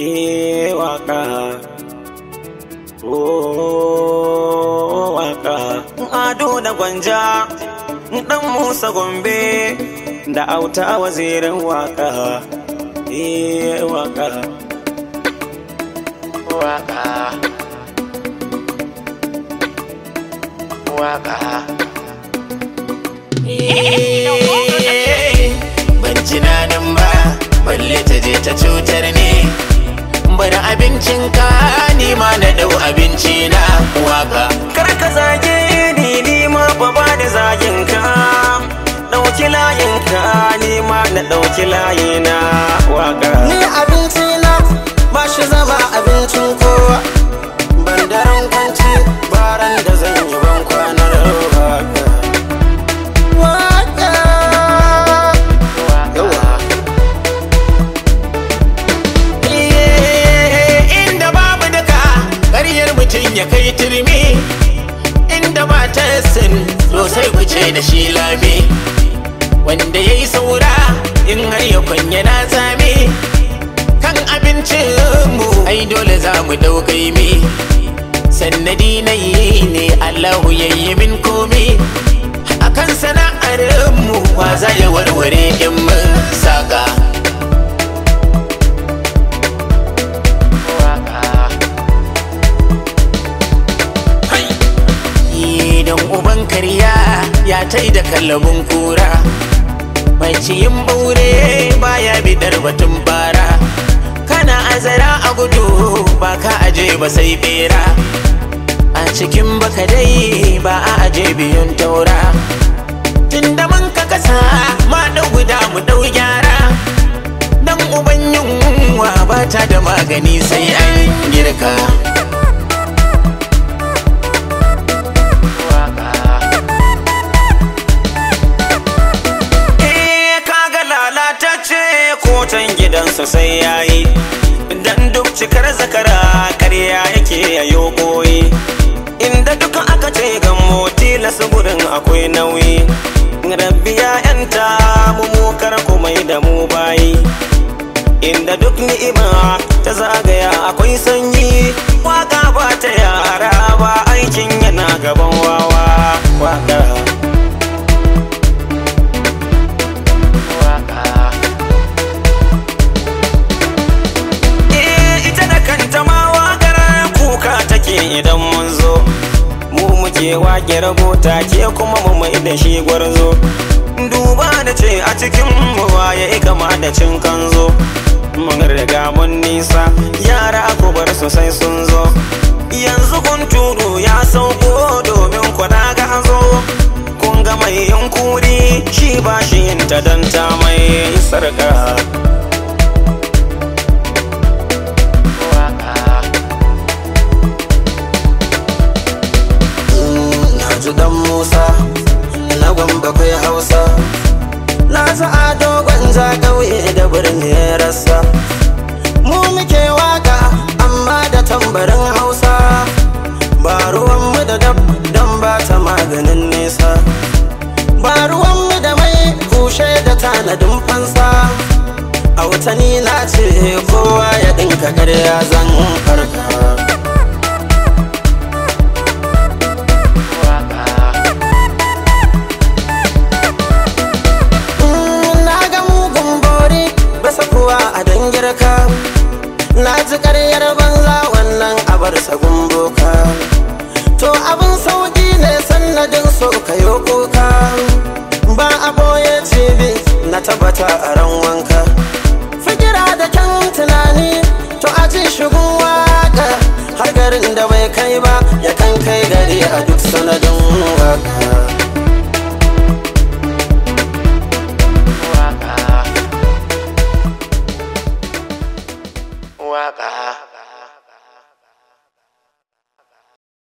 Eh waka Oh waka Ado da gwanja ɗan Musa Gombe Da auta wazirin waka Eh waka Waka Waka eee. Eh. jinanin ba balle ta je ta cutar ne bari abincin ka ni ma na dau abinci na waka kar ka zage ni ni ma ba ba da zagin ka dauki layin ka ni ma na dauki layina waka ni abin yi turmi inda ba ta so sai da shi lami wanda yayi saura in har ya kwanye na zame kan abincinmu ai dole za mu ɗaukai mi sannadi na yi ne allahu ya yi min komi tai da kallabin kura mai ciyin bure baya bidar batun bara kana azara a gudu ba ka aje ba sai bera a cikin baka dai ba a aje biyun taura tun da mun ka kasa ma ɗau guda mu ɗau gyara dan uban yunwa ba ta da magani sai an girka sa sai yayi dan duk cikar zakara karya yake yayo koyi inda duka aka ce ga tilas gurin akwai nauyi rabbi ya yanta mu mukar kumai da mu bayi inda duk ni'ima ta zagaya akwai sanyi waka ba ta cewa ke rabota ke kuma mu mai dashi shi gwarzo duba da ce a cikin ya waye kama da cin kanzo mun riga mun nisa yara ku bar su sai sun zo yanzu kun tudu ya sauko domin ku ga hazo kun ga mai yankuri shi ba shi yin ta dan ta mai sarka kasa a dogon za ƙauye da birni rasa mu muke waka amma da tambarin hausa ba ruwan mu da dab ba ta maganin nesa ba ruwan mu da mai kushe da tanadin fansa a wutani na ce kowa ya ɗinka karya zan farka bar sagun boka to abin sauki ne sannadin so ka yi kuka ba a boye cibi na tabbata a ran wanka fikira da kyan tunani to a ji shigun waka har garin da bai kai ba ya kan kai gari a duk sanadin waka waka